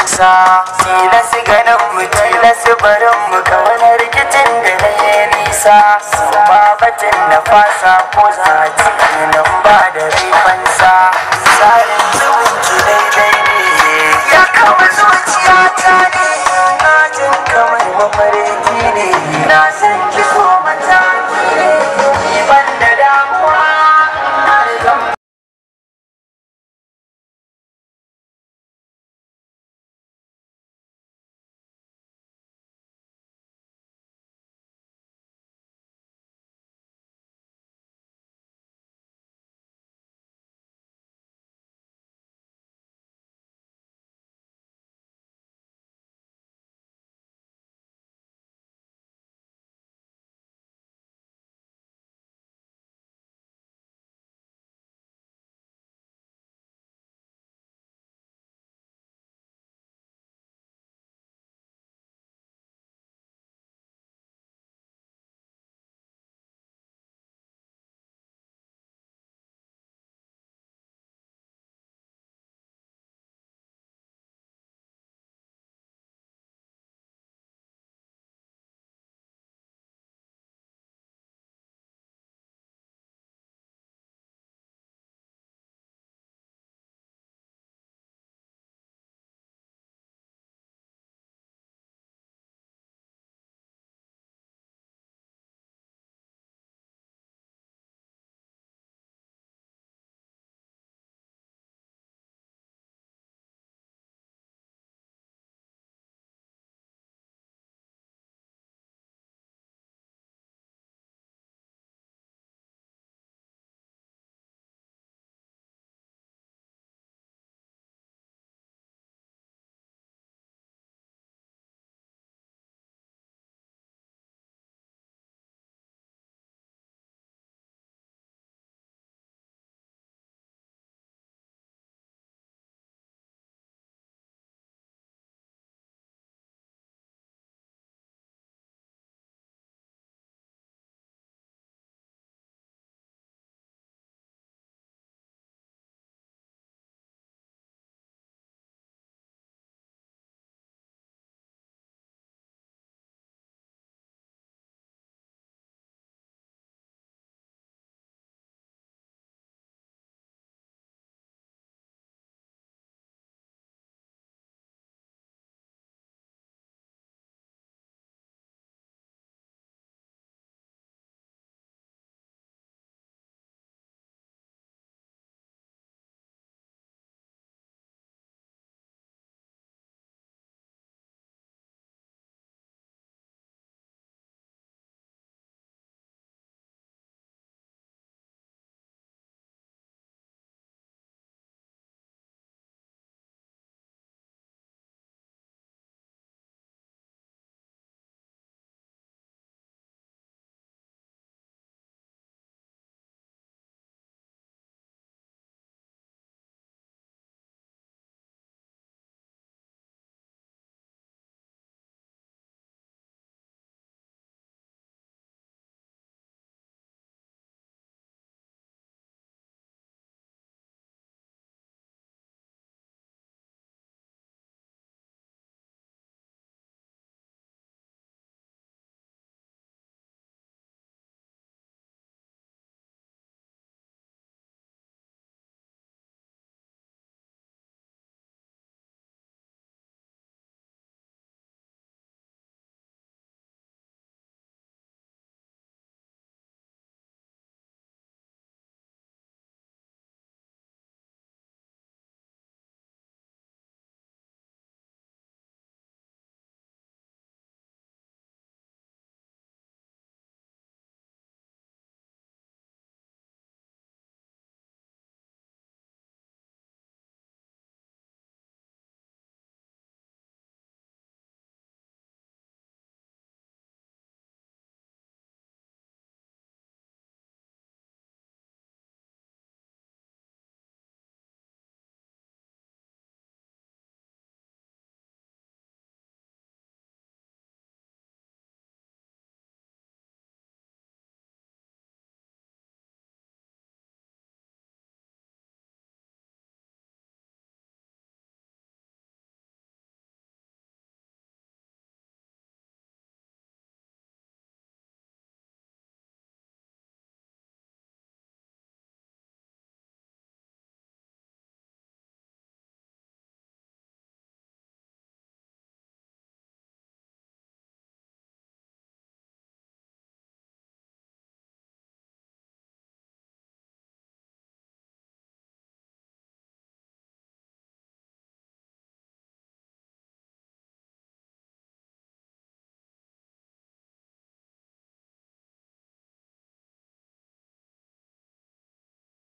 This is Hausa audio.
amsa sila su ganin mu su barin mu ga rikicin da na yi nisa ba batin na fasa ko ciki nan ba da rifansa Sarin zubin ki daidai ne ya kama zuciya ta ne na jin kamar mafarki ne na